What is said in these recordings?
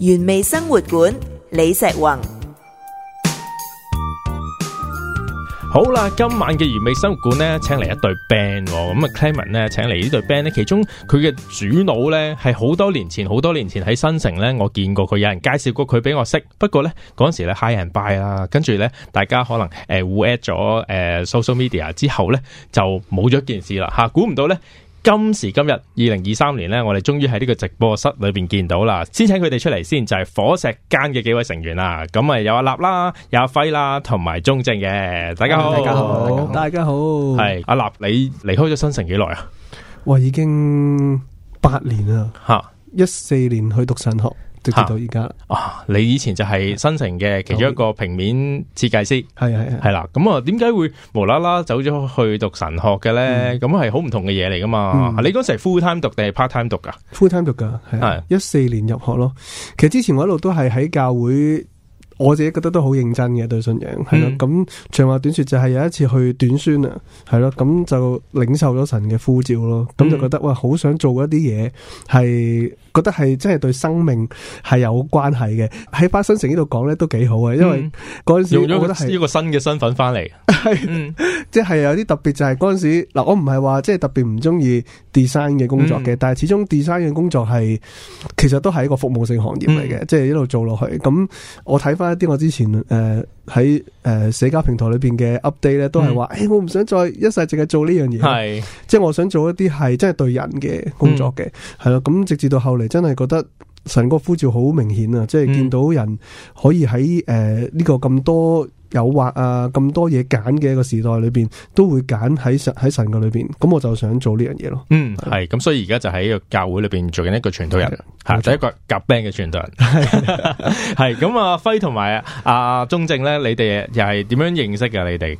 原味生活館李石宏。好啦，今晚嘅原味生活館咧，請嚟一對 band、哦。咁、嗯、啊，Clement 咧，請嚟呢對 band 咧，其中佢嘅主腦咧係好多年前，好多年前喺新城咧，我見過佢，有人介紹過佢俾我識。不過咧，嗰陣時咧 high and bye 啦，跟住咧，大家可能誒互 at 咗誒 social media 之後咧，就冇咗件事啦。吓、啊，估唔到咧。今時今日，二零二三年呢，我哋終於喺呢個直播室裏邊見到啦。先請佢哋出嚟先，就係、是、伙石間嘅幾位成員啦。咁啊，有阿立啦，有阿輝啦，同埋鐘正嘅、哎。大家好，大家好，大家好。係阿立，你離開咗新城幾耐啊？哇，已經八年啦，吓，一四年去讀神學。直到而家啊！你以前就係新城嘅其中一個平面設計師，係啊係啊，係 啦。咁啊，點解、嗯、會無啦啦走咗去讀神學嘅咧？咁係好唔同嘅嘢嚟噶嘛？嗯、你嗰時係 full time 讀定係 part time 讀噶？full time 讀噶，係一四年入學咯。其實之前我一路都係喺教會，我自己覺得都好認真嘅對信仰。係咯，咁長話短說就係、是、有一次去短宣啊，係咯，咁就領受咗神嘅呼召咯。咁就覺得哇，好想做一啲嘢係。覺得係真係對生命係有關係嘅，喺花新城呢度講咧都幾好嘅，因為嗰陣時，我覺得係、嗯、一，是一個新嘅身份翻嚟，係即係有啲特別。就係嗰陣時，嗱我唔係話即係特別唔中意 design 嘅工作嘅，嗯、但係始終 design 嘅工作係其實都係一個服務性行業嚟嘅，即係、嗯、一路做落去。咁我睇翻一啲我之前誒。呃喺誒、呃、社交平台裏邊嘅 update 咧，都係話，誒是、欸、我唔想再一世淨係做呢樣嘢，係是即係我想做一啲係真係對人嘅工作嘅，係咯、嗯，咁直至到後嚟真係覺得神個呼召好明顯啊，即係見到人可以喺誒呢個咁多。誘惑啊！咁多嘢揀嘅一個時代裏邊，都會揀喺神喺神嘅裏邊。咁我就想做呢樣嘢咯。嗯，係咁，嗯、所以而家就喺個教會裏邊做緊一個傳道人，吓就、嗯、一個夾 band 嘅傳道人。係咁啊，輝同埋阿中正咧，你哋又係點樣認識噶？你哋？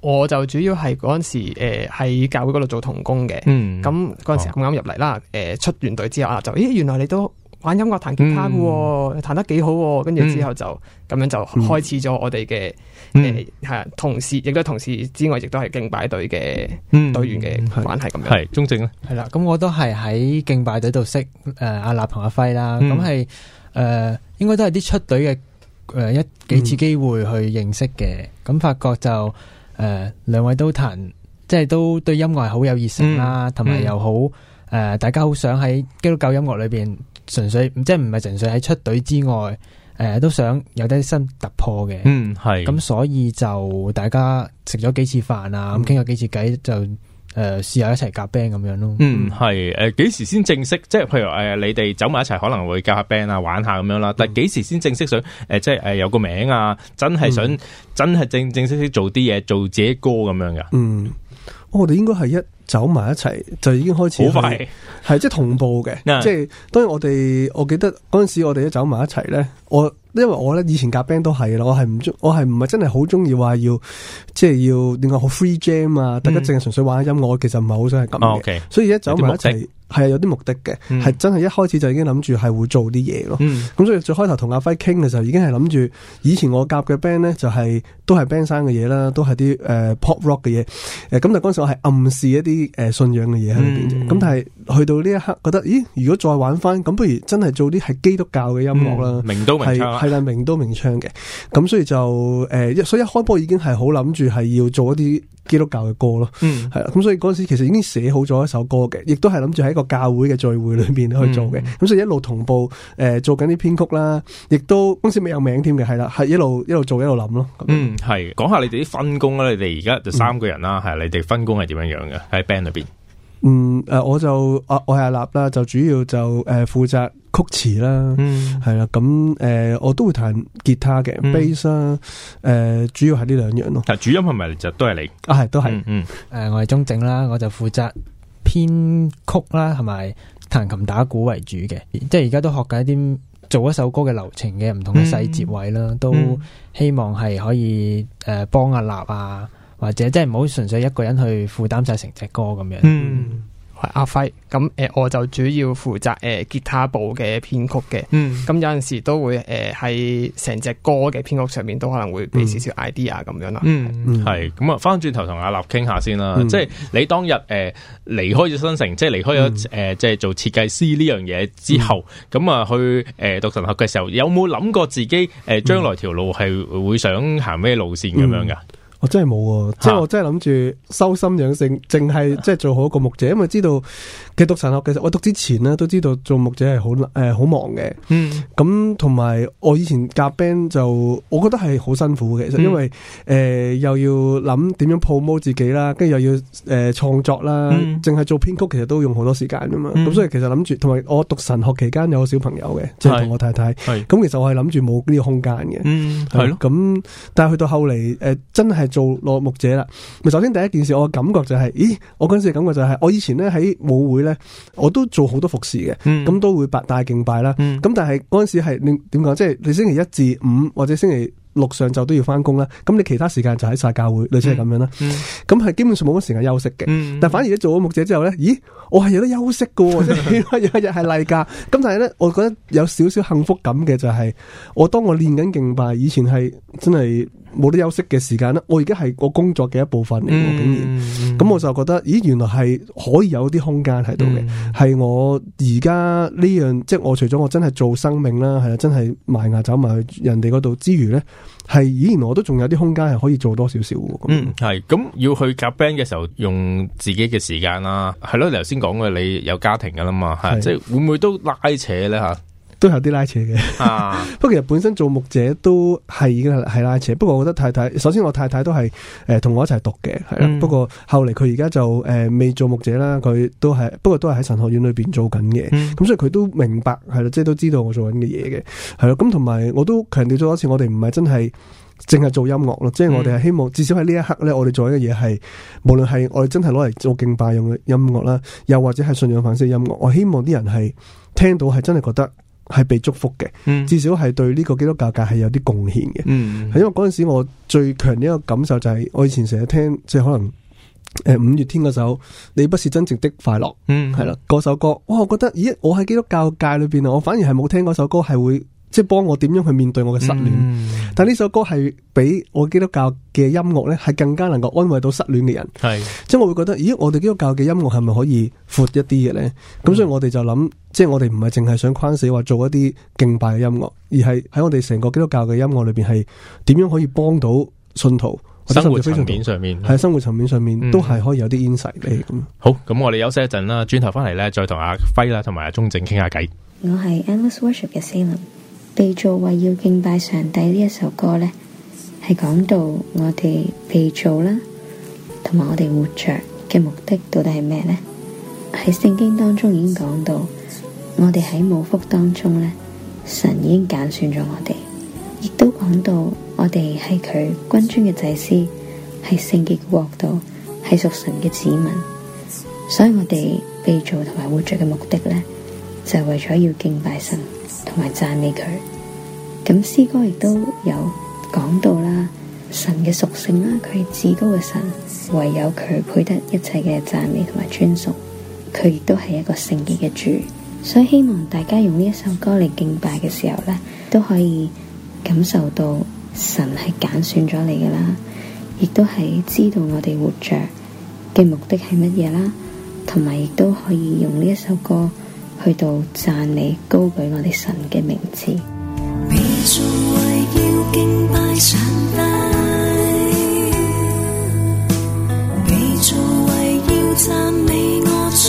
我就主要係嗰陣時誒喺、呃、教會嗰度做同工嘅。嗯，咁嗰陣時咁啱入嚟啦。誒、呃，出完隊之後啊，就咦，原來你都～玩音樂彈吉他嘅、哦，彈、嗯、得幾好、哦，跟住之後就咁、嗯、樣就開始咗我哋嘅誒係同事，亦都同事之外，亦都係敬拜隊嘅隊員嘅、嗯、關係咁樣。係中正咧，係啦，咁我都係喺敬拜隊度識誒、呃、阿立同阿輝啦。咁係誒應該都係啲出隊嘅誒一幾次機會去認識嘅。咁、嗯嗯、發覺就誒兩、呃、位都彈，即係都對音樂係好有熱誠啦，同埋又好誒、呃呃、大家好想喺基督教音樂裏邊。純粹，即係唔係純粹喺出隊之外，誒都想有啲新突破嘅。嗯，係。咁所以就大家食咗幾次飯啊，咁傾過幾次偈，就誒試下一齊夾 band 咁樣咯。嗯，係。誒，幾時先正式？即係譬如誒，你哋走埋一齊可能會夾下 band 啊，玩下咁樣啦。但係幾時先正式想？誒，即係誒有個名啊，真係想真係正正式式做啲嘢，做自己歌咁樣噶。嗯，我哋應該係一。走埋一齊就已經開始好快，係即係同步嘅。 即係當然我哋，我記得嗰陣時我哋都走埋一齊咧。我因為我咧以前夾 band 都係啦，我係唔中，我係唔係真係好中意話要即係要點講好 free jam 啊，嗯、大家淨係純粹玩音樂，我其實唔係好想係咁嘅。哦、okay, 所以一走埋一齊。係啊，有啲目的嘅，係、嗯、真係一開始就已經諗住係會做啲嘢咯。咁、嗯、所以，最開頭同阿輝傾嘅就已經係諗住，以前我夾嘅 band 呢就係、是、都係 band 生嘅嘢啦，都係啲誒 pop rock 嘅嘢。誒，咁但嗰陣時我係暗示一啲誒、呃、信仰嘅嘢喺裏面嘅。咁、嗯、但係去到呢一刻，覺得咦，如果再玩翻，咁不如真係做啲係基督教嘅音樂啦，明刀明槍係啦，明刀明槍嘅。咁所以就誒、呃，所以一開波已經係好諗住係要做一啲基督教嘅歌咯，係咁、嗯、所以嗰陣時其實已經寫好咗一首歌嘅，亦都係諗住喺一個教會嘅聚會裏面去做嘅，咁、嗯、所以一路同步誒、呃、做緊啲編曲啦，亦都公司未有名添嘅，係啦，係一路一路做一路諗咯。嗯，係講下你哋啲分工啦，你哋而家就三個人啦，係、嗯、你哋分工係點樣樣嘅喺 band 裏邊？嗯，誒、呃，我就，啊、我我係阿立啦，就主要就誒負、呃、責曲詞啦，係啦、嗯，咁誒、呃、我都會彈吉他嘅，Bass，誒、嗯呃、主要係呢兩樣咯。但主音係咪就都係你？啊，係都係、嗯，嗯，誒、呃、我係中正啦，我就負責編曲啦，同埋彈琴打鼓為主嘅，即係而家都學緊啲做一首歌嘅流程嘅唔同嘅細節位啦，嗯嗯、都希望係可以誒幫、呃、阿立啊。或者即係唔好純粹一個人去負擔晒成隻歌咁樣。嗯，係阿輝咁，誒、嗯，我就主要負責誒吉他部嘅編曲嘅。嗯，咁、嗯、有陣時都會誒喺成隻歌嘅編曲上面都可能會俾少少 idea 咁樣啦、嗯。嗯，係咁啊，翻轉頭同阿立傾下先啦。嗯、即係你當日誒離開咗新城，嗯、即係離開咗誒，即係做設計師呢樣嘢之後，咁啊、嗯嗯、去誒讀神學嘅時候，有冇諗過自己誒將來條路係會想行咩路線咁樣噶？嗯嗯嗯我真係冇，啊，即係我真係諗住修心養性，淨係即係做好一個牧者，因為知道其實讀神學其實我讀之前咧都知道做牧者係好誒好忙嘅、嗯嗯，嗯，咁同埋我以前夾 band 就我覺得係好辛苦嘅，其實因為誒、呃、又要諗點樣 promote 自己啦，跟住又要誒創、呃、作啦，淨係做編曲其實都用好多時間噶嘛，咁、嗯、所以其實諗住同埋我讀神學期間有個小朋友嘅，即係同我太太，係咁、嗯、其實我係諗住冇呢個空間嘅、嗯，嗯，係咯，咁但係去到後嚟誒、呃、真係。做落牧者啦，咪首先第一件事，我嘅感覺就係、是，咦，我嗰陣時嘅感覺就係、是，我以前呢喺舞會呢，我都做好多服侍嘅，咁、嗯、都會白大敬拜啦，咁、嗯、但係嗰陣時係你點講，即係你星期一至五或者星期六上晝都要返工啦，咁你其他時間就喺晒教會，類似係咁樣啦，咁係、嗯嗯、基本上冇乜時間休息嘅，嗯嗯、但反而咧做咗牧者之後呢，咦，我係有得休息嘅，有一日係例假，咁 但係呢，我覺得有少少，少幸福感嘅就係、是，我當我練緊敬拜，以前係真係。冇啲休息嘅時間咧，我而家係個工作嘅一部分嚟，竟然，咁我就覺得，咦，原來係可以有啲空間喺度嘅，係、嗯、我而家呢樣，即係我除咗我真係做生命啦，係啦，真係賣牙走埋去人哋嗰度之餘咧，係，咦，原來我都仲有啲空間係可以做多少少嘅。嗯，係咁要去夾 band 嘅時候，用自己嘅時間啦，係咯，你頭先講嘅你有家庭噶啦嘛，係的即係會唔會都拉扯咧吓？都有啲拉扯嘅，啊、 不過其實本身做牧者都係已經係拉扯。不過我覺得太太，首先我太太都係誒同我一齊讀嘅，係、嗯呃、啦。不過後嚟，佢而家就誒未做牧者啦，佢都係不過都係喺神學院裏邊做緊嘅。咁、嗯啊、所以佢都明白係啦，即係、就是、都知道我做緊嘅嘢嘅，係啦。咁同埋我都強調咗一次，我哋唔係真係淨係做音樂咯，即、就、係、是、我哋係希望、嗯、至少喺呢一刻咧，我哋做緊嘅嘢係無論係我哋真係攞嚟做敬拜用嘅音樂啦，又或者係信仰反思音樂，我希望啲人係聽到係真係覺得。係被祝福嘅，嗯、至少係對呢個基督教界係有啲貢獻嘅。係、嗯、因為嗰陣時我最強呢個感受就係、是、我以前成日聽即係可能誒、呃、五月天嗰首《你不是真正的快樂》，係啦，嗰首歌哇，我覺得咦，我喺基督教界裏邊啊，我反而係冇聽嗰首歌係會。即係幫我點樣去面對我嘅失戀，嗯、但呢首歌係比我基督教嘅音樂咧，係更加能夠安慰到失戀嘅人。係，是的 即係我會覺得，咦，我哋基督教嘅音樂係咪可以闊一啲嘅咧？咁所以我哋就諗，即係我哋唔係淨係想框死話做一啲敬拜嘅音樂，而係喺我哋成個基督教嘅音樂裏邊，係點樣可以幫到信徒,非信徒生活層面上面，喺、嗯、生活層面上面都係可以有啲 insight 你咁。嗯嗯、好，咁我哋休息一陣啦，轉頭翻嚟咧，再同阿輝啦同埋阿鐘正傾下偈。我係 Endless Worship 嘅 Sa 被造為要敬拜上帝呢一首歌呢，係講到我哋被造啦，同埋我哋活着嘅目的到底係咩呢？喺聖經當中已經講到，我哋喺母腹當中呢，神已經揀選咗我哋，亦都講到我哋係佢君尊嘅祭司，係聖潔嘅國度，係屬神嘅子民。所以我哋被造同埋活着嘅目的呢，就係，為咗要敬拜神。同埋讚美佢，咁詩歌亦都有講到啦，神嘅屬性啦，佢係至高嘅神，唯有佢配得一切嘅讚美同埋尊崇，佢亦都係一個聖潔嘅主，所以希望大家用呢一首歌嚟敬拜嘅時候呢，都可以感受到神係揀選咗你嘅啦，亦都係知道我哋活着嘅目的係乜嘢啦，同埋亦都可以用呢一首歌。去到讚美高舉我哋神嘅名字。被造為要敬拜上帝，被造為要讚美我主。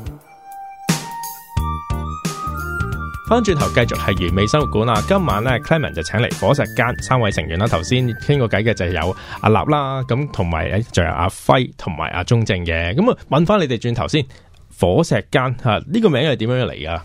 翻轉頭繼續係完美生活館啊！今晚咧 Clement 就請嚟伙石間三位成員啦。頭先傾過偈嘅就有阿立啦，咁同埋誒仲有阿輝同埋阿鍾正嘅。咁啊，問翻你哋轉頭先，伙石間吓呢個名係點樣嚟㗎？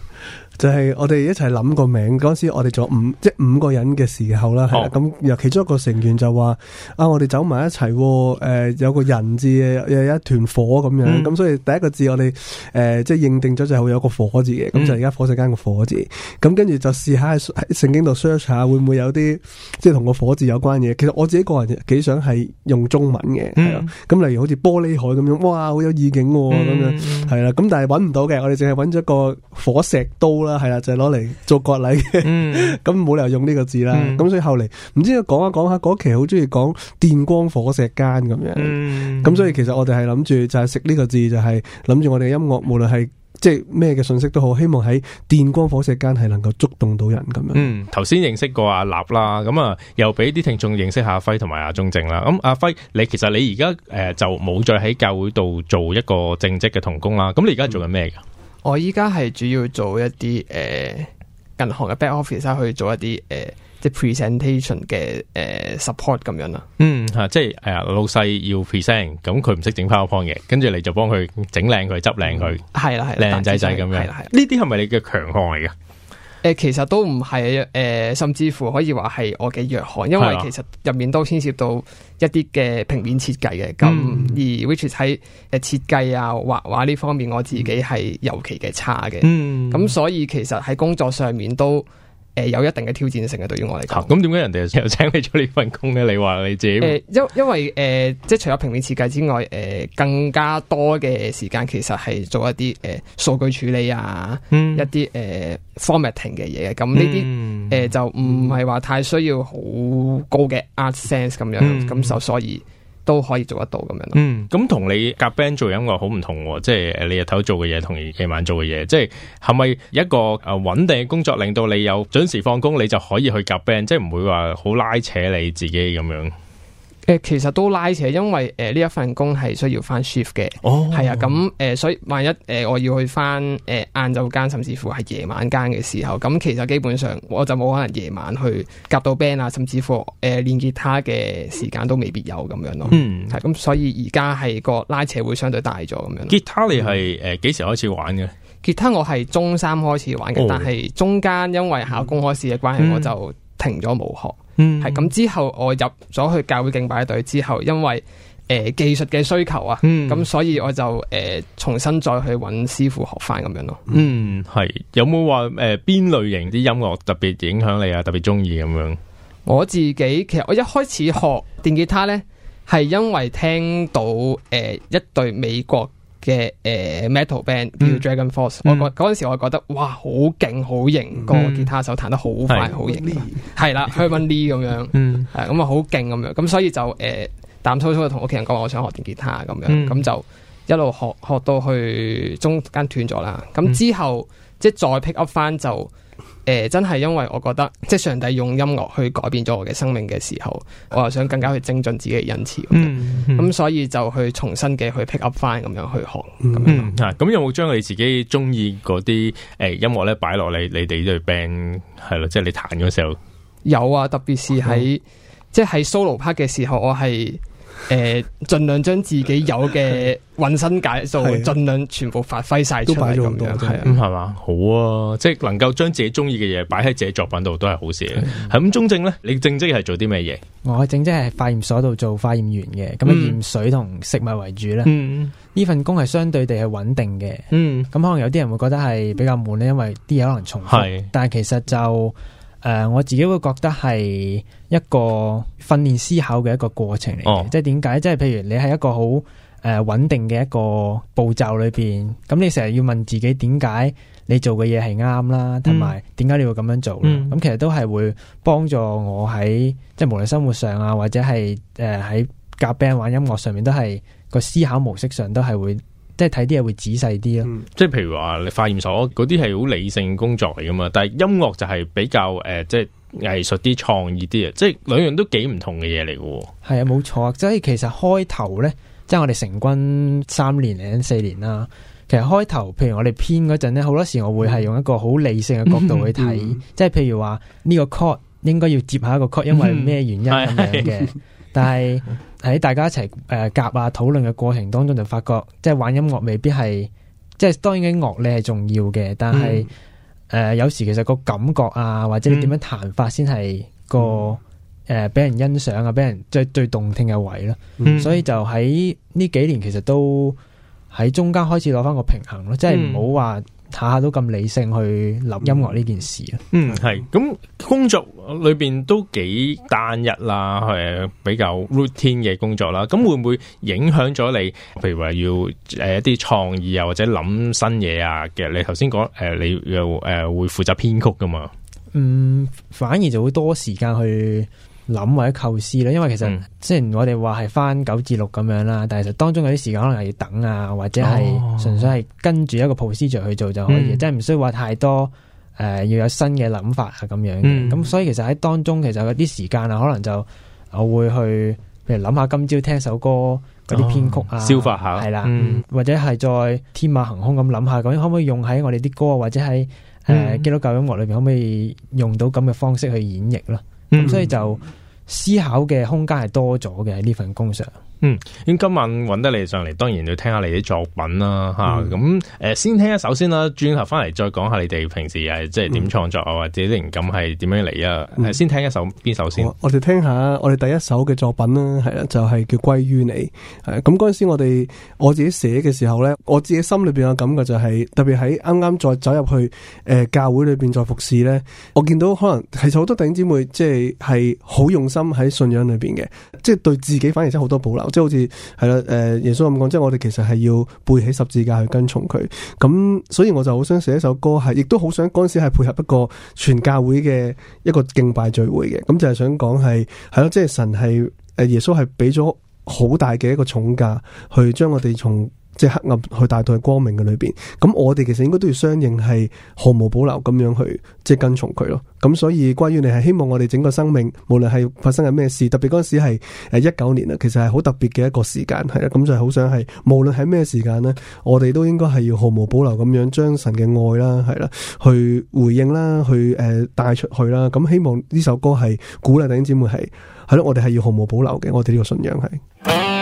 就係我哋一齊諗個名，陣時我哋仲有五，即係五個人嘅時候啦。係咁由其中一個成員就話：啊，我哋走埋一齊，誒、呃，有個人字，有一團火咁樣。咁、mm. 所以第一個字我哋誒、呃，即係認定咗就係會有個火字嘅。咁就而家伙石間個火字。咁跟住就試、mm. 下喺聖經度 search 下，會唔會有啲即係同個火字有關嘅嘢？其實我自己個人幾想係用中文嘅，係啊、mm.。咁例如好似玻璃海咁樣，哇，好有意境咁樣，係啦、mm.。咁但係揾唔到嘅，我哋淨係揾咗個火石刀。啦，係啦，就係攞嚟做割禮嘅，咁冇、嗯、 理由用呢個字啦。咁、嗯、所以後嚟，唔知佢講下講下嗰期好中意講電光火石間咁樣，咁、嗯、所以其實我哋係諗住就係食呢個字，就係諗住我哋音樂，無論係即係咩嘅信息都好，希望喺電光火石間係能夠觸動到人咁樣。嗯，頭先認識過阿立啦，咁、嗯、啊又俾啲聽眾認識下輝同埋阿鍾正啦。咁、嗯、阿輝，你其實你而家誒就冇再喺教會度做一個正職嘅同工啦。咁你而家做緊咩噶？嗯我依家係主要做一啲誒銀行嘅 back office 啊，去做一啲誒、呃、即係 presentation 嘅誒、呃、support 咁樣啦。嗯，吓、啊、即係誒、呃、老細要 present，咁佢唔識整 PowerPoint 嘅，跟住你就幫佢整靚佢，執靚佢，係啦係靚仔仔咁樣。係、啊，呢啲係咪你嘅強項嚟噶？誒，其實都唔係誒，甚至乎可以話係我嘅弱項，因為其實入面都牽涉到一啲嘅平面設計嘅，咁、嗯、而 which 喺誒設計啊畫畫呢方面，我自己係尤其嘅差嘅，咁、嗯、所以其實喺工作上面都。誒、呃，有一定嘅挑戰性嘅，對於我嚟講。咁點解人哋又請你做呢份工咧？你話你自己？誒、呃，因因為誒、呃，即係除咗平面設計之外，誒、呃，更加多嘅時間其實係做一啲誒數據處理啊，嗯、一啲誒 formatting 嘅嘢。咁呢啲誒就唔係話太需要好高嘅 art sense 咁樣咁就、嗯，所以。都可以做得到咁樣。嗯，咁同、嗯、你夾 band 做音樂好唔同，即係你日頭做嘅嘢同夜晚做嘅嘢，即係係咪一個啊穩定嘅工作令到你有準時放工，你就可以去夾 band，即係唔會話好拉扯你自己咁樣。誒，其實都拉扯，因為誒呢、呃、一份工係需要翻 shift 嘅，係、哦、啊，咁、呃、誒，所以萬一誒、呃、我要去翻誒晏晝間，甚至乎係夜晚間嘅時候，咁、嗯、其實基本上我就冇可能夜晚去夾到 band 啊，甚至乎誒練、呃、吉他嘅時間都未必有咁樣咯。嗯，係咁，所以而家係個拉扯會相對大咗咁樣。吉他你係誒幾時開始玩嘅？吉他我係中三開始玩嘅，哦、但係中間因為考公開試嘅關係，嗯、我就停咗冇學。嗯，係咁，之後我入咗去教會敬拜隊之後，因為誒、呃、技術嘅需求啊，咁、嗯、所以我就誒、呃、重新再去揾師傅學翻咁樣咯。嗯，係有冇話誒邊類型啲音樂特別影響你啊？特別中意咁樣？我自己其實我一開始學電吉他呢，係因為聽到誒、呃、一隊美國。嘅誒、呃、metal band 叫 Dragon Force、嗯、我嗰嗰、嗯、時我覺得哇好勁好型，嗯、個吉他手彈得好快好、嗯、型，係啦，去 Herman Lee 咁樣，係咁啊好勁咁樣，咁所以就誒、呃、膽粗粗同屋企人講，我想學電吉他咁樣，咁、嗯、就一路學學到去中間斷咗啦，咁之後、嗯、即係再 pick up 翻就。誒，真係因為我覺得，即係上帝用音樂去改變咗我嘅生命嘅時候，我又想更加去精進自己嘅恩賜，咁所以就去重新嘅去 pick up 翻咁樣去學。嗯啊，咁有冇將你自己中意嗰啲誒音樂咧擺落嚟？你哋呢隊 band 係咯，即係你彈嗰時候有啊，特別是喺即係 solo part 嘅時候，我係。誒，盡量將自己有嘅渾身解數，盡量全部發揮晒都出嚟咁多，係咁係嘛？好啊，即係能夠將自己中意嘅嘢擺喺自己作品度都係好事嘅。咁中正咧，你正職係做啲咩嘢？我正職係化驗所度做化驗員嘅，咁啊驗水同食物為主咧。呢份工係相對地係穩定嘅。嗯，咁可能有啲人會覺得係比較悶咧，因為啲嘢可能重複，但係其實就。誒、呃，我自己會覺得係一個訓練思考嘅一個過程嚟嘅，哦、即係點解？即係譬如你喺一個好誒、呃、穩定嘅一個步驟裏邊，咁你成日要問自己點解你做嘅嘢係啱啦，同埋點解你會咁樣做？咁、嗯嗯嗯、其實都係會幫助我喺即係無論生活上啊，或者係誒喺夾 band 玩音樂上面，都係個思考模式上都係會。即係睇啲嘢會仔細啲咯，即係譬如話你化驗所嗰啲係好理性工作嚟噶嘛，但係音樂就係比較誒即係藝術啲、創意啲啊，即係兩樣都幾唔同嘅嘢嚟噶喎。係啊、嗯，冇錯啊，所以其實開頭咧，即係我哋成軍三年零四年啦。其實開頭，譬如我哋編嗰陣咧，好多時我會係用一個好理性嘅角度去睇，嗯嗯、即係譬如話呢、這個 chord 應該要接下一個 chord，因為咩原因咁、嗯嗯、樣嘅。 但係喺大家一齊誒夾啊討論嘅過程當中，就發覺即係玩音樂未必係即係當然嘅樂理係重要嘅，但係誒、嗯呃、有時其實個感覺啊，或者你點樣彈法先係個誒俾、嗯呃、人欣賞啊，俾人最最動聽嘅位咯。嗯、所以就喺呢幾年其實都喺中間開始攞翻個平衡咯，即係唔好話。睇下都咁理性去諗音樂呢件事啊，嗯係，咁工作裏邊都幾單一啦，誒比較 routine 嘅工作啦，咁會唔會影響咗你？譬如話要誒、呃、一啲創意啊，或者諗新嘢啊嘅，其實你頭先講誒，你又誒、呃、會負責編曲㗎嘛？嗯，反而就會多時間去。諗或者構思啦，因為其實雖然我哋話係翻九至六咁樣啦，但係其實當中有啲時間可能係要等啊，或者係純粹係跟住一個 process 去做就可以，即係唔需要話太多誒、呃，要有新嘅諗法啊咁樣。咁、嗯、所以其實喺當中其實有啲時間啊，可能就我會去，譬如諗下今朝聽首歌嗰啲編曲啊，消化下係啦，嗯、或者係再天馬行空咁諗下，究竟可唔可以用喺我哋啲歌或者喺誒、呃、基督教音樂裏邊，可唔可以用到咁嘅方式去演繹咯？咁所以就思考嘅空間係多咗嘅喺呢份工上。嗯，咁今晚揾得你上嚟，當然要聽下你啲作品啦，啊，吓咁誒，先聽一首先啦，轉頭翻嚟再講下你哋平時誒，即係點創作啊，或者靈感係點樣嚟啊？誒，先聽一首邊，嗯、首先。我哋聽下我哋第一首嘅作品啦，係啦，就係、是、叫歸於你，係咁陣時我，我哋我自己寫嘅時候咧，我自己心裏邊嘅感覺就係、是、特別喺啱啱再走入去誒、呃、教會裏邊再服侍咧，我見到可能其實好多弟兄姊妹即係係好用心喺信仰裏邊嘅，即係對自己反而真係好多保留。即係好似係啦，誒，耶穌咁講，即係我哋其實係要背起十字架去跟從佢。咁，所以我就好想寫一首歌，係，亦都好想嗰陣時係配合一個全教會嘅一個敬拜聚會嘅。咁就係想講係，係咯，即係神係，誒，耶穌係俾咗好大嘅一個重價，去將我哋從。即係黑暗去帶到去光明嘅裏邊，咁我哋其實應該都要相應係毫無保留咁樣去即係跟從佢咯。咁所以關於你係希望我哋整個生命，無論係發生緊咩事，特別嗰陣時係，誒，一九年啦，其實係好特別嘅一個時間係啦。咁就係好想係無論係咩時間呢，我哋都應該係要毫無保留咁樣將神嘅愛啦，係啦，去回應啦，去誒、呃、帶出去啦。咁、呃、希望呢首歌係鼓勵弟兄姊妹係係咯，我哋係要毫無保留嘅，我哋呢個信仰係。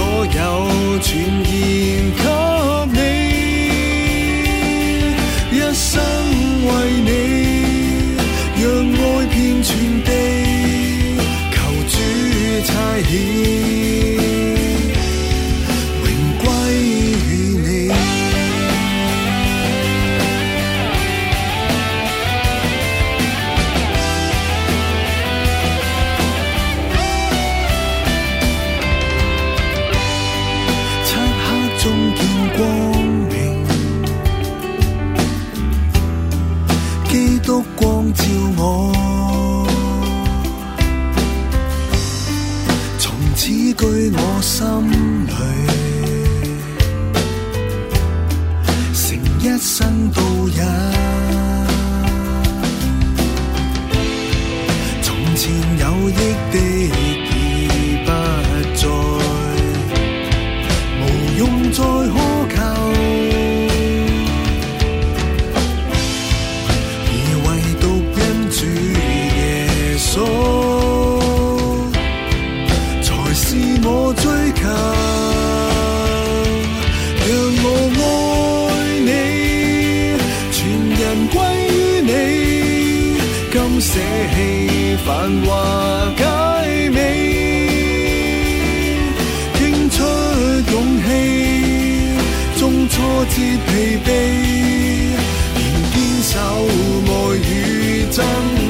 所有傳言給你，一生為你，讓愛遍全地，求主差遣。繁華街尾，拼出勇氣，縱挫折疲憊，仍堅守愛與憎。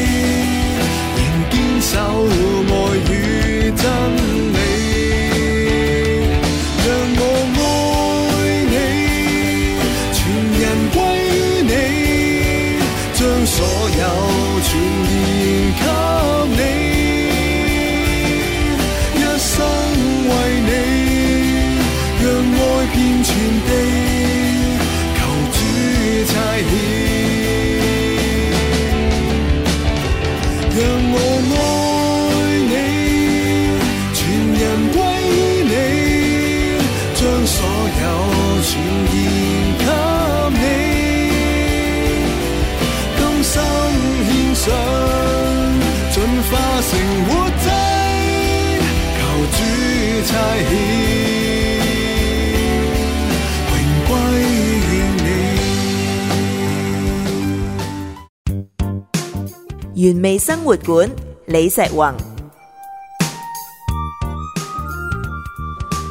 活館李石宏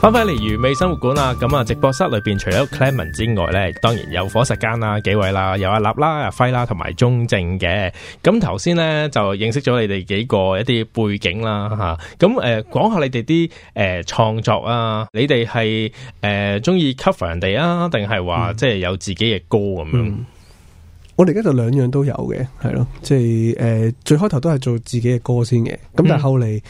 翻返嚟魚味生活館啦，咁啊直播室裏邊除咗 Clement 之外咧，當然有伙石間啦幾位啦，有阿、啊、立啦阿、啊、輝啦，同埋鍾正嘅。咁頭先咧就認識咗你哋幾個一啲背景啦吓，咁誒講下你哋啲誒創作啊，你哋係誒中意 cover 人哋啊，定係話即係有自己嘅歌咁樣？嗯我哋而家就兩樣都有嘅，係咯，即係誒、呃，最開頭都係做自己嘅歌先嘅，咁但係後嚟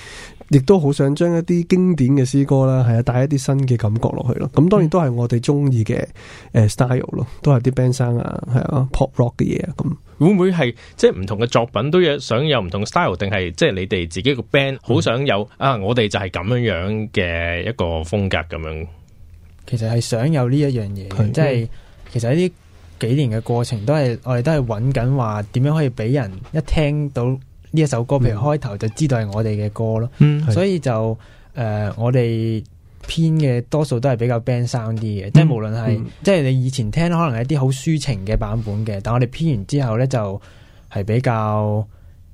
亦都好想將一啲經典嘅詩歌啦，係啊，帶一啲新嘅感覺落去咯。咁當然都係我哋中意嘅誒 style 咯，都係啲 band 生啊，係啊，pop rock 嘅嘢啊，咁會唔會係即係唔同嘅作品都有想有唔同嘅 style，定係即係你哋自己個 band 好想有、嗯、啊？我哋就係咁樣樣嘅一個風格咁樣。其實係想有呢一樣嘢，即係其實啲。幾年嘅過程都係我哋都係揾緊話點樣可以俾人一聽到呢一首歌，譬如開頭就知道係我哋嘅歌咯。嗯、所以就誒、呃，我哋編嘅多數都係比較 band sound 啲嘅，嗯嗯、即係無論係、嗯嗯、即係你以前聽可能係一啲好抒情嘅版本嘅，但我哋編完之後呢，就係、是、比較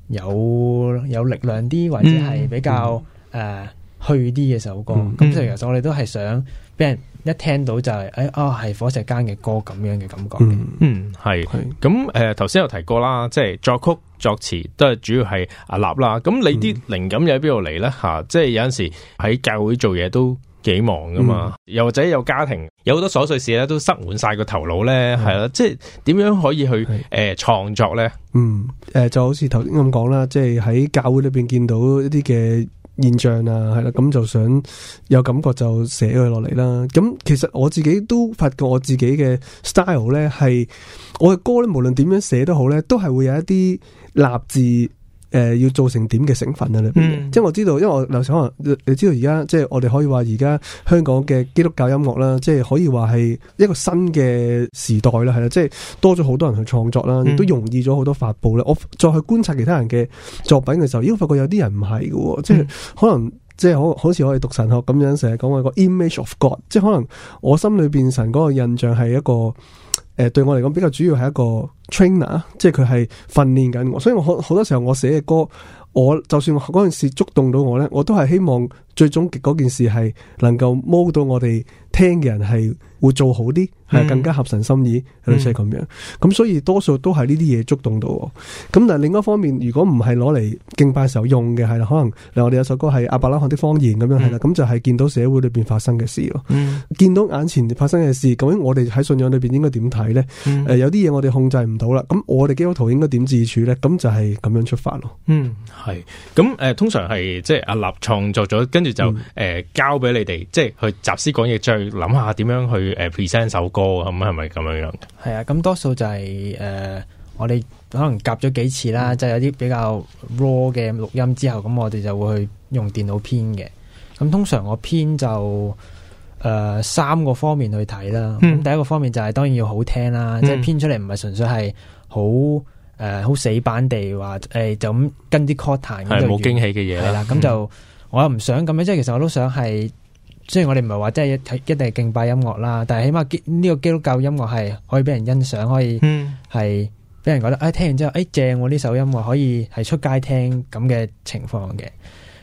有有力量啲，或者係比較誒去啲嘅首歌。咁、嗯嗯嗯、所以其實我哋都係想俾人。一聽到就係、是，哎啊，係、哦、伙石間嘅歌咁樣嘅感覺嗯。嗯，係。咁誒頭先有提過啦，即係作曲作詞都係主要係阿立啦。咁你啲靈感又喺邊度嚟咧？嚇、啊，即係有陣時喺教會做嘢都幾忙噶嘛，嗯、又或者有家庭，有好多瑣碎事咧，都塞滿晒個頭腦咧，係啦、嗯啊。即係點樣可以去誒是、呃、創作咧？嗯，誒、呃、就好似頭先咁講啦，即係喺教會裏邊見到一啲嘅現象啊，係啦，咁就想有感覺就寫佢落嚟啦。咁其實我自己都發覺我自己嘅 style 咧，係我嘅歌咧，無論點樣寫都好咧，都係會有一啲立字。誒、呃，要做成點嘅成分啊？你、嗯、即係我知道，因為我劉 Sir 可能，你知道而家即係我哋可以話，而家香港嘅基督教音樂啦，即係可以話係一個新嘅時代啦，係啦，即係多咗好多人去創作啦，亦都容易咗好多發佈啦。我再去觀察其他人嘅作品嘅時候，已經，發覺有啲人唔係嘅，即係可能、嗯、即係好好似我哋讀神學咁樣，成日講我個 image of God，即係可能我心裏邊神嗰個印象係一個。誒、呃、對我嚟講比較主要係一個 trainer，即係佢係訓練緊我，所以我好好多時候我寫嘅歌，我就算嗰陣時觸動到我咧，我都係希望最終嗰件事係能夠 move 到我哋聽嘅人係會做好啲。係更加合神心意，係咯、mm，即係咁樣。咁所以多數都係呢啲嘢觸動到、哦。咁但係另一方面，如果唔係攞嚟敬拜嘅時候用嘅，係啦，可能，例如我哋有首歌係阿伯拉罕啲方言咁樣，係啦、mm，咁、hmm. 就係見到社會裏邊發生嘅事咯。Mm hmm. 見到眼前發生嘅事，究竟我哋喺信仰裏邊應該點睇咧？有啲嘢我哋控制唔到啦。咁我哋基督徒應該點自處咧？咁就係咁樣出發咯。Mm hmm. 嗯，係。咁誒，通常係即係阿立創作咗，跟住就誒、呃、交俾你哋，即係去集思廣益，再諗下點樣去誒 present 首。呃嗯嗯嗯嗯嗯嗯歌，咁係咪咁樣樣？係啊，咁多數就係、是、誒、呃，我哋可能夾咗幾次啦，就係、是、有啲比較 raw 嘅錄音之後，咁我哋就會去用電腦編嘅。咁、嗯、通常我編就誒、呃、三個方面去睇啦。咁、嗯、第一個方面就係當然要好聽啦，嗯、即係編出嚟，唔係純粹係好誒好死板地話誒、欸、就咁跟啲 chord 彈，係冇驚喜嘅嘢啦。咁、啊、就、嗯、我又唔想咁樣，即係其實我都想係。雖然我哋唔係話即係一一定係敬拜音樂啦，但係起碼呢、這個基督教音樂係可以俾人欣賞，可以係俾人覺得誒、嗯哎，聽完之後誒、哎、正我、啊、呢首音樂可以係出街聽咁嘅情況嘅。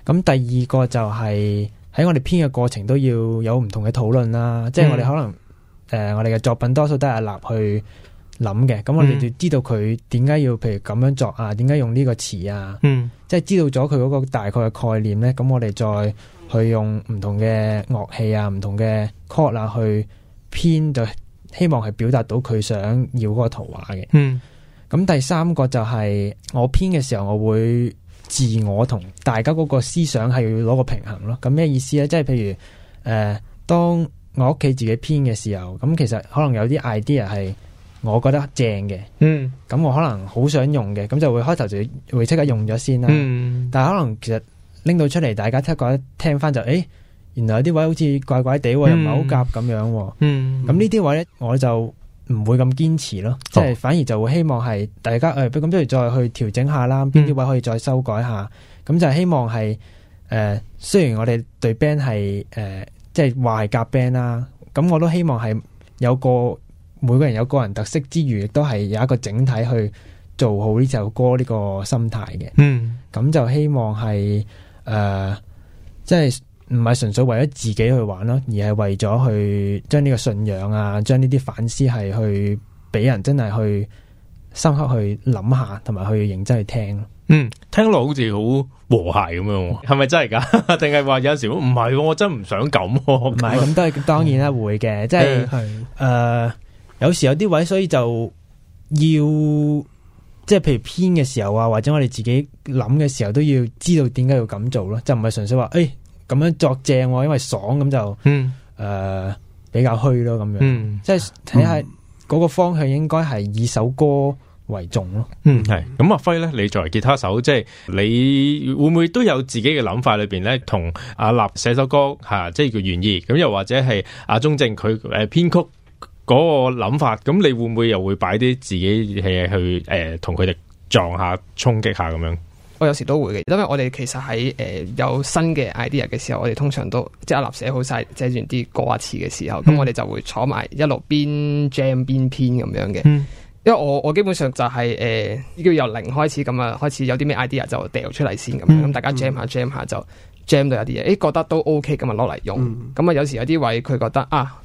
咁第二個就係、是、喺我哋編嘅過程都要有唔同嘅討論啦。嗯、即係我哋可能誒、呃，我哋嘅作品多數都係阿立去諗嘅。咁我哋就知道佢點解要譬如咁樣作啊？點解用呢個詞啊？嗯，即係知道咗佢嗰個大概嘅概念咧。咁我哋再。佢用唔同嘅樂器啊，唔同嘅 chord 啦，去編就希望係表達到佢想要嗰個圖畫嘅。嗯，咁第三個就係、是、我編嘅時候，我會自我同大家嗰個思想係要攞個平衡咯。咁咩意思咧？即係譬如誒、呃，當我屋企自己編嘅時候，咁其實可能有啲 idea 係我覺得正嘅。嗯，咁我可能好想用嘅，咁就會開頭就會即刻用咗先啦。嗯，但係可能其實。拎到出嚟，大家聽覺得聽翻就誒、欸，原來有啲位好似怪怪地，嗯、又唔係好夾咁樣、啊。嗯，咁呢啲位咧，我就唔會咁堅持咯，即係反而就會希望係大家誒，咁、哎、不如再去調整下啦，邊啲位可以再修改下。咁、嗯、就希望係誒、呃，雖然我哋對 band 係誒、呃，即係話係夾 band 啦、啊，咁我都希望係有個每個人有個人特色之餘，亦都係有一個整體去做好呢首歌呢個心態嘅。嗯，咁就希望係。誒，uh, 即係唔係純粹為咗自己去玩咯，而係為咗去將呢個信仰啊，將呢啲反思係去俾人真係去深刻去諗下，同埋去認真去聽。嗯，聽落好似好和諧咁樣，係咪真係噶？定係話有時唔係、啊，我真唔想咁、啊。唔係咁都係，當然啦，嗯、會嘅，即係誒、 呃，有時有啲位，所以就要。即係譬如編嘅時候啊，或者我哋自己諗嘅時候，都要知道點解要咁做咯，就唔係純粹話誒咁樣作正、哦，因為爽咁就誒、嗯呃、比較虛咯，咁樣、嗯。即係睇下嗰個方向，應該係以首歌為重咯。嗯，係。咁阿輝咧，你作為吉他手，即係你會唔會都有自己嘅諗法裏邊咧，同阿立寫首歌吓、啊，即係叫願意咁，又或者係阿鍾正佢誒編曲。嗰個諗法，咁你會唔會又會擺啲自己嘢去誒，同佢哋撞下、衝擊下咁樣？我有時都會嘅，因為我哋其實喺誒、呃、有新嘅 idea 嘅時候，我哋通常都即係立寫好晒，寫完啲歌詞嘅時候，咁、嗯、我哋就會坐埋一路邊 jam 邊編咁樣嘅。嗯、因為我我基本上就係、是、誒、呃，叫由零開始咁啊，開始有啲咩 idea 就掉出嚟先咁樣，咁、嗯、大家 jam 下 jam 下就 jam 到有啲嘢，誒、欸、覺得都 ok 咁啊，攞嚟用。咁啊、嗯，有時有啲位佢覺得啊。啊啊啊啊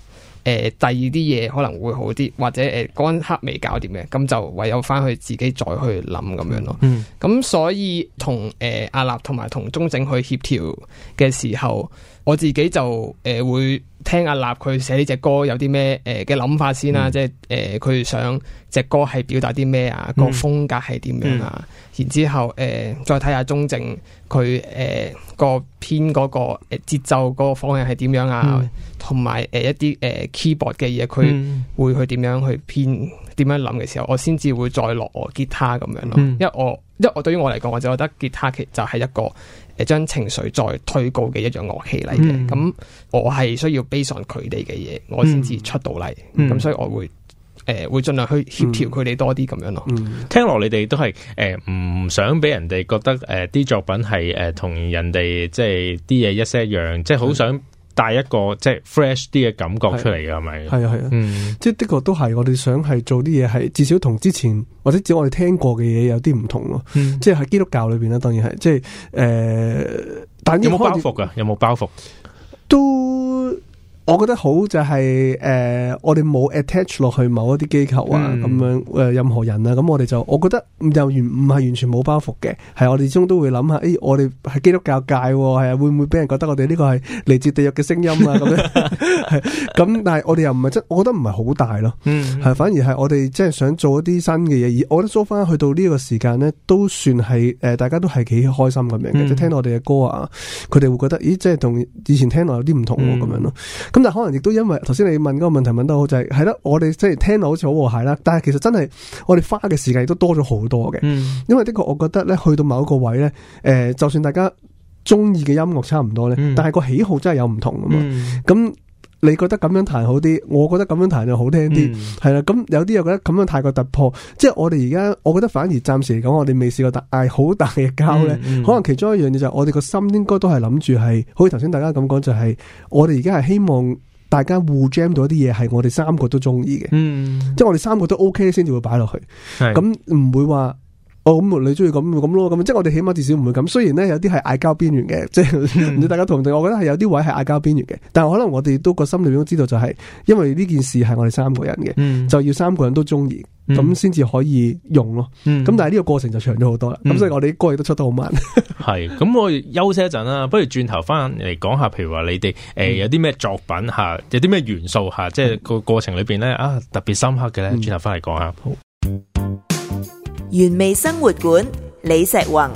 誒、呃，第二啲嘢，可能會好啲，或者誒嗰刻未搞掂嘅，咁就唯有翻去自己再去諗咁樣咯。咁、嗯、所以同誒、呃、阿立同埋同中正去協調嘅時候，我自己就誒、呃、會聽阿立佢寫呢隻歌有啲咩誒嘅諗法先啦，即係誒佢想隻歌係表達啲咩啊，個風格係點樣啊，嗯嗯、然之後誒、呃、再睇下中正佢誒、呃、個編嗰個誒節奏嗰個方向係點樣啊。嗯同埋誒一啲誒 keyboard 嘅嘢，佢會去點樣去編點、嗯、樣諗嘅時候，我先至會再落我吉他咁樣咯、嗯。因為我因為我對於我嚟講，我就覺得吉他其實就係一個誒將情緒再推高嘅一樣樂器嚟嘅。咁、嗯、我係需要 based on 佢哋嘅嘢，我先至出到嚟。咁、嗯、所以，我會誒、呃、會盡量去協調佢哋多啲咁樣咯、嗯嗯。聽落你哋都係誒唔想俾人哋覺得誒啲、呃、作品係誒同人哋即係啲嘢一些一樣，即係好想。帶一個即係 fresh 啲嘅感覺出嚟嘅係咪？係啊係啊，是是啊嗯，即係的確都係，我哋想係做啲嘢係至少同之前或者只我哋聽過嘅嘢有啲唔同咯。嗯，即係喺基督教裏邊啦，當然係，即係誒，呃，但有冇包袱噶？有冇包袱？都。我覺得好就係、是、誒、呃，我哋冇 attach 落去某一啲機構啊，咁樣誒、呃、任何人啊，咁、嗯嗯、我哋就我覺得又完唔係完全冇包袱嘅，係我哋始終都會諗下，誒、哎、我哋係基督教界、啊，係啊會唔會俾人覺得我哋呢個係嚟自地獄嘅聲音啊咁樣，咁 但係我哋又唔係真，我覺得唔係好大咯，係反而係我哋即係想做一啲新嘅嘢，而我覺得 so far 去到呢個時間咧，都算係誒、呃、大家都係幾開心咁樣嘅，嗯、即係聽到我哋嘅歌啊，佢哋會覺得，咦，即係同以前聽落有啲唔同咁樣咯。咁但可能亦都因為頭先你問嗰個問題問得好就係，係咯，我哋即係聽到好似好和諧啦，但係其實真係我哋花嘅時間亦都多咗好多嘅，嗯、因為的確我覺得咧去到某一個位咧，誒、呃、就算大家中意嘅音樂差唔多咧，嗯、但係個喜好真係有唔同噶嘛，咁、嗯。你覺得咁樣彈好啲，我覺得咁樣彈就好聽啲，係啦、嗯。咁有啲又覺得咁樣太過突破，即係我哋而家，我覺得反而暫時嚟講，我哋未試過大嗌，好大嘅交咧。嗯、可能其中一樣嘢就係、是、我哋個心應該都係諗住係，好似頭先大家咁講，就係、是、我哋而家係希望大家互 jam 到一啲嘢，係我哋三個都中意嘅。嗯，即係我哋三個都 OK 先至會擺落去，咁唔、嗯、會話。咁、哦、你中意咁咁咯，咁即係我哋起碼至少唔會咁。雖然咧有啲係嗌交邊緣嘅，即係、嗯、唔知大家同唔同我，我覺得係有啲位係嗌交邊緣嘅，但係可能我哋都個心裏邊都知道、就是，就係因為呢件事係我哋三個人嘅，嗯、就要三個人都中意咁先至可以用咯。咁但係呢個過程就長咗好多啦。咁所以我哋歌亦都出得好慢。係，咁我休息一陣啦，不如轉頭翻嚟講下，譬如話你哋誒、呃、有啲咩作品吓，有啲咩元素吓，即係個過程裏邊咧啊特別深刻嘅咧，轉頭翻嚟講下。好。原味生活館李石宏，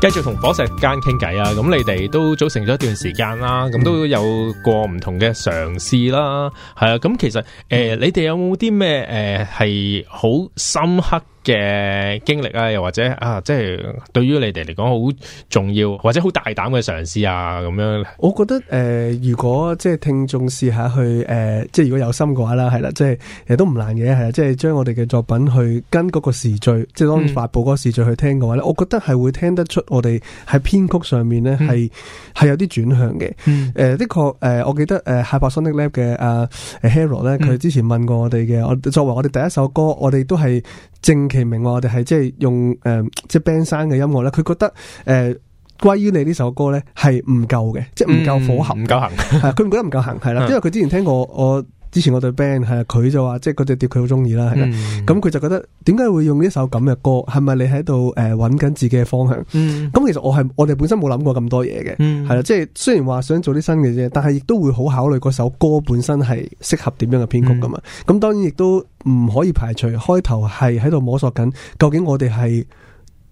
繼續同伙石間傾偈啊！咁你哋都組成咗一段時間啦，咁都有過唔同嘅嘗試啦，係啊！咁其實誒，你哋有冇啲咩誒係好深刻？嘅經歷啊，又或者啊，即係對於你哋嚟講好重要，或者好大膽嘅嘗試啊，咁樣。我覺得誒、呃，如果即係聽眾試下去誒，即係、呃、如果有心嘅話啦，係啦、嗯，即係亦都唔難嘅，係、嗯、啊，即係將我哋嘅作品去跟嗰個時序，即係當發布嗰個時序去聽嘅話咧，我覺得係會聽得出我哋喺編曲上面呢係係有啲轉向嘅。誒、嗯、的、嗯呃、確，誒、呃，我記得誒、uh,，Hypersonic Lab 嘅阿 Hero 咧，佢、uh, 之前問過我哋嘅，我、嗯嗯嗯、作為我哋第一首歌，我哋都係。正其名話我哋係即係用誒、呃、即係 band 聲嘅音樂咧，佢覺得誒、呃、關於你呢首歌咧係唔夠嘅，嗯、即係唔夠火候，唔夠、嗯、行，佢唔 覺得唔夠行係啦， 因為佢之前聽過我。我之前我對 band 係佢就話，即係嗰隻碟佢好中意啦。咁佢、嗯、就覺得點解會用呢首咁嘅歌？係咪你喺度誒揾緊自己嘅方向？咁、嗯、其實我係我哋本身冇諗過咁多嘢嘅。係啦、嗯，即係雖然話想做啲新嘅啫，但係亦都會好考慮嗰首歌本身係適合點樣嘅編曲噶嘛。咁、嗯、當然亦都唔可以排除開頭係喺度摸索緊究竟我哋係。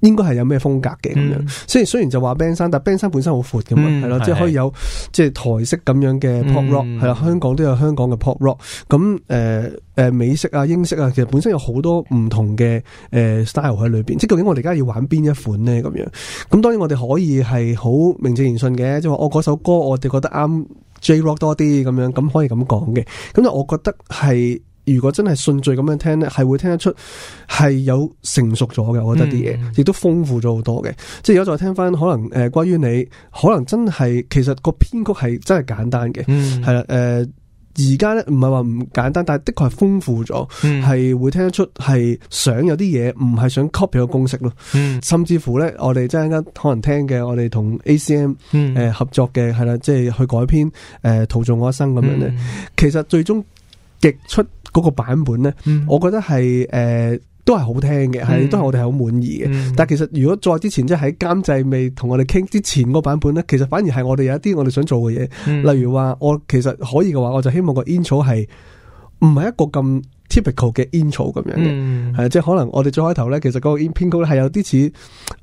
應該係有咩風格嘅咁樣，雖然、嗯、雖然就話 band 山，san，但 band 山本身好闊噶嘛，係咯、嗯，即係可以有即係台式咁樣嘅 pop rock，係啦、嗯，香港都有香港嘅 pop rock，咁誒誒美式啊英式啊，其實本身有好多唔同嘅誒、呃、style 喺裏邊，即究竟我哋而家要玩邊一款呢？咁樣，咁當然我哋可以係好名正言順嘅，即係話我嗰首歌我哋覺得啱 J rock 多啲咁樣，咁可以咁講嘅，咁就我覺得係。如果真係順序咁樣聽咧，係會聽得出係有成熟咗嘅，我覺得啲嘢亦都豐富咗好多嘅。即係而家再聽翻，可能誒、呃、關於你，可能真係其實個編曲係真係簡單嘅，係啦誒。而家咧唔係話唔簡單，但係的確係豐富咗，係、嗯、會聽得出係想有啲嘢唔係想 copy 個公式咯。嗯、甚至乎咧，我哋即係陣間可能聽嘅，我哋同 ACM 誒合作嘅，係啦，即係去改編誒《途、呃、中我一生》咁樣咧。其實最終極出。嗰個版本咧，嗯、我覺得係誒、呃、都係好聽嘅，係、嗯、都係我哋係好滿意嘅。嗯、但係其實如果再之前即係喺監製未同我哋傾之前個版本咧，其實反而係我哋有一啲我哋想做嘅嘢，嗯、例如話我其實可以嘅話，我就希望個 intro 係唔係一個咁。typical 嘅 intro 咁樣嘅，係、嗯、即係可能我哋最開頭咧，其實嗰個編曲咧係有啲似，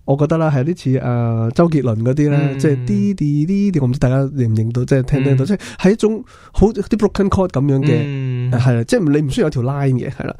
我覺得啦係有啲似誒周杰倫嗰啲咧，嗯、即係 d 啲啲，我唔知大家認唔認到，即係聽唔聽到，即係係一種好啲 broken chord 咁樣嘅，係啦，即係你唔需要有條 line 嘅，係啦，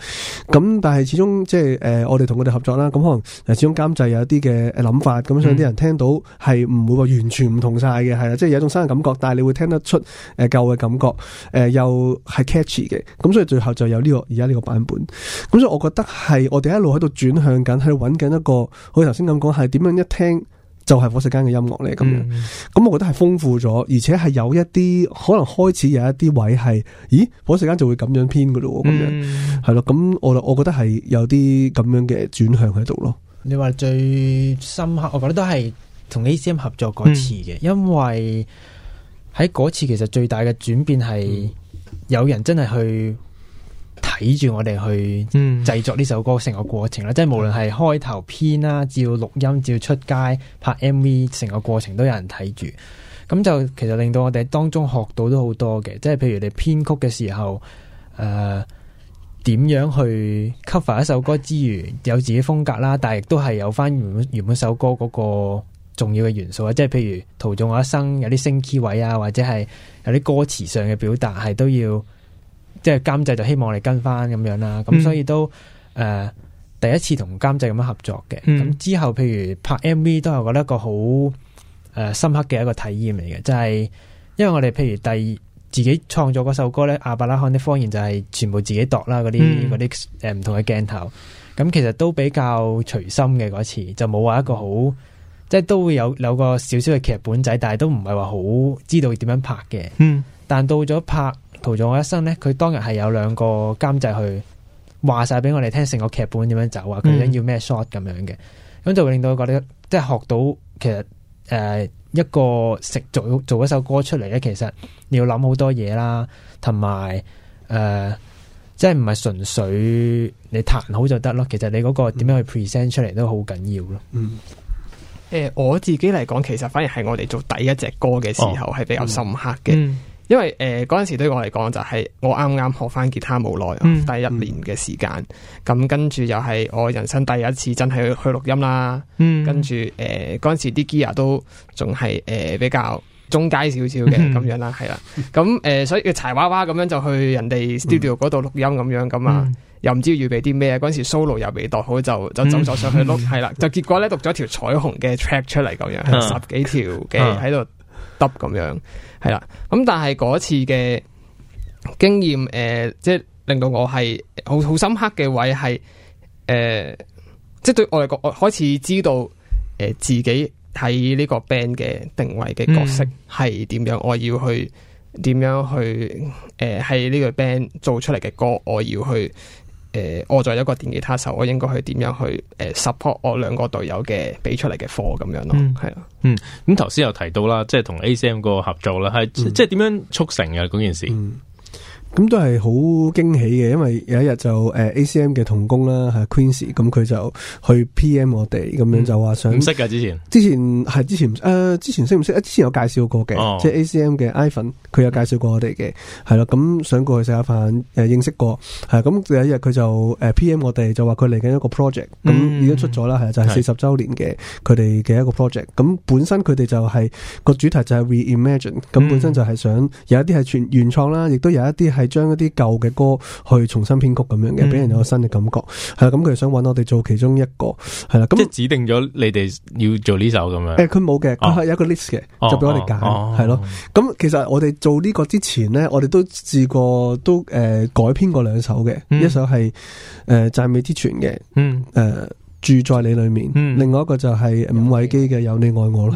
咁但係始終即係誒、呃、我哋同佢哋合作啦，咁可能始終監製有一啲嘅諗法，咁所以啲人聽到係唔會話完全唔同晒嘅，係啦，即係有一種新嘅感覺，但係你會聽得出誒舊嘅感覺誒又係 catchy 嘅，咁所以最後就有呢、這個。而家呢個版本，咁、嗯、所以我覺得係我哋一路喺度轉向緊，喺度揾緊一個，好似頭先咁講，係點樣一聽就係伙石間嘅音樂咧？咁樣，咁、嗯嗯、我覺得係豐富咗，而且係有一啲可能開始有一啲位係，咦，伙石間就會咁樣編噶咯？咁樣係咯，咁、嗯、我我我覺得係有啲咁樣嘅轉向喺度咯。你話最深刻，我覺得都係同 ACM 合作嗰次嘅，嗯、因為喺嗰次其實最大嘅轉變係有人真係去。睇住我哋去製作呢首歌成個過程啦，嗯、即係無論係開頭編啦，照錄音，照出街拍 MV，成個過程都有人睇住，咁就其實令到我哋當中學到都好多嘅。即係譬如你編曲嘅時候，誒、呃、點樣去 cover 一首歌之餘有自己風格啦，但係亦都係有翻，原本原本首歌嗰個重要嘅元素啊，即係譬如《途中我一生》有啲升 key 位啊，或者係有啲歌詞上嘅表達係都要。即係監製就希望我哋跟翻咁樣啦，咁、嗯、所以都誒、呃、第一次同監製咁樣合作嘅。咁、嗯、之後譬如拍 MV 都係覺得一個好誒、呃、深刻嘅一個體驗嚟嘅，就係、是、因為我哋譬如第二自己創作嗰首歌咧，阿伯拉罕啲方言就係全部自己度啦，嗰啲啲誒唔同嘅鏡頭，咁其實都比較隨心嘅嗰次，就冇話一個好，即、就、係、是、都會有有個少少嘅劇本仔，但係都唔係話好知道點樣拍嘅。嗯，但到咗拍途咗我一生咧，佢當日係有兩個監製去話晒俾我哋聽，成個劇本點樣走啊？佢想、嗯、要咩 shot 咁樣嘅，咁就會令到我覺得，即係學到其實誒、呃，一個食做做一首歌出嚟咧，其實你要諗好多嘢啦，同埋誒，即係唔係純粹你彈好就得咯。其實你嗰、呃、個點樣去 present 出嚟都好緊要咯。嗯，誒、呃，我自己嚟講，其實反而係我哋做第一隻歌嘅時候係、哦、比較深刻嘅。嗯嗯。因為誒嗰陣時對我嚟講就係我啱啱學翻吉他冇耐，第一年嘅時間，咁跟住又係我人生第一次真係去錄音啦，跟住誒嗰陣時啲 gear 都仲係誒比較中階少少嘅咁樣啦，係啦，咁誒所以個柴娃娃咁樣就去人哋 studio 嗰度錄音咁樣咁啊，又唔知要預備啲咩，嗰陣時 solo 又未度好就就走咗上去碌，係啦，就結果咧讀咗條彩虹嘅 track 出嚟咁樣，十幾條嘅喺度。得咁樣，係啦。咁但係嗰次嘅經驗，誒，即係令到我係好好深刻嘅位係，誒、呃，即係對我嚟講，我開始知道，誒、呃，自己喺呢個 band 嘅定位嘅角色係點樣，嗯、我要去點樣去，誒、呃，喺呢個 band 做出嚟嘅歌，我要去。誒、呃，我作為一個電吉他手，我應該去點樣去誒 support 我兩個隊友嘅俾出嚟嘅貨咁樣咯，係、嗯、啊嗯，嗯，咁頭先又提到啦，即係同 ACM 個合作啦，係、嗯、即係點樣促成嘅嗰件事？嗯咁都係好驚喜嘅，因為有一日就誒 A C M 嘅同工啦，係 Quincy，咁佢就去 P M 我哋，咁樣就話想識噶之前，之前係之前誒之前識唔識？誒之前有介紹過嘅，即係 A C M 嘅 Ivan，佢有介紹過我哋嘅，係啦，咁想過去食下飯，誒認識過，係咁有一日佢就誒 P M 我哋，就話佢嚟緊一個 project，咁已經出咗啦，係就係四十周年嘅佢哋嘅一個 project，咁本身佢哋就係個主題就係 reimagine，咁本身就係想有一啲係全原創啦，亦都有一啲係。將一啲舊嘅歌去重新編曲咁樣，俾人有個新嘅感覺係啦。咁佢、嗯、想揾我哋做其中一個係啦。咁即係指定咗你哋要做呢首咁樣。誒、欸，佢冇嘅，佢係、哦、有一個 list 嘅，哦、就俾我哋揀係咯。咁其實我哋做呢個之前咧，我哋都試過都誒、呃、改編過兩首嘅，嗯、一首係誒讚美之泉嘅，嗯誒、呃。住在你裏面，嗯、另外一個就係伍偉基嘅有你愛我啦，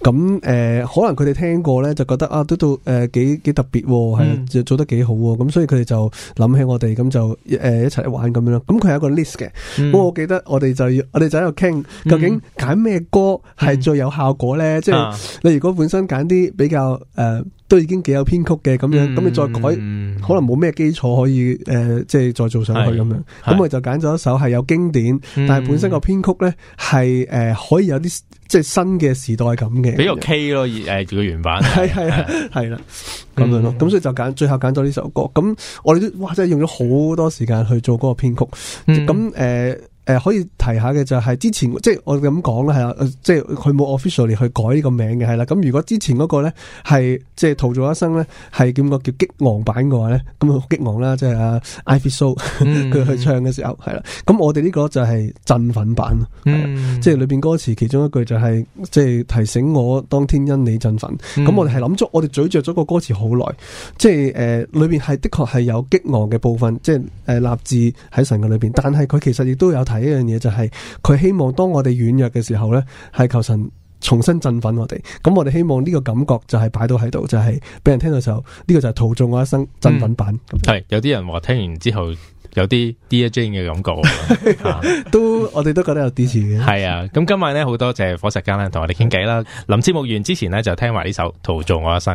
咁誒、嗯呃、可能佢哋聽過咧，就覺得啊都都誒、呃、幾幾特別喎、哦，係、嗯、做得幾好喎、哦，咁所以佢哋就諗起我哋，咁就誒、呃、一齊玩咁樣啦。咁佢係一個 list 嘅，咁、嗯、我記得我哋就要我哋就喺度傾，究竟揀咩歌係最有效果咧？嗯嗯啊、即係你如果本身揀啲比較誒、呃都已經幾有編曲嘅咁樣，咁你再改，可能冇咩基礎可以誒，即係再做上去咁樣。咁我就揀咗一首係有經典，但係本身個編曲咧，係誒，可以有啲即係新嘅時代感嘅。比較 K 咯，誒個原版係係係啦，咁樣咯。咁所以就揀最後揀咗呢首歌。咁我哋都哇真係用咗好多時間去做嗰個編曲。咁誒。誒、呃，可以提下嘅就係之前，即係我咁講啦，係啊，即係佢冇 officially 去改呢個名嘅，係啦、啊。咁如果之前嗰個咧係即係陶造一生咧，係點講叫激昂版嘅話咧，咁好激昂啦，即、就、係、是、啊，Ivy So 佢、嗯、 去唱嘅時候係啦。咁、啊、我哋呢個就係振奮版咯，啊嗯、即係裏邊歌詞其中一句就係、是、即係提醒我當天因你振奮。咁、嗯、我哋係諗咗，我哋咀嚼咗個歌詞好耐，即係、啊、誒裏邊係的確係有激昂嘅部分，即係誒立志喺神嘅裏邊，但係佢其實亦都有提。第一樣嘢就係佢希望當我哋軟弱嘅時候呢，係求神重新振奮我哋。咁我哋希望呢個感覺就係擺到喺度，就係、是、俾人聽到時候呢、呢個就係《陶縱我一生》振奮版。係、嗯、樣有啲人話聽完之後有啲 DJ 嘅感覺，都我哋都覺得有啲似嘅。係 啊，咁今日呢，好多謝火石間呢同我哋傾偈啦。臨節目完之前呢，就聽埋呢首《陶縱我一生》。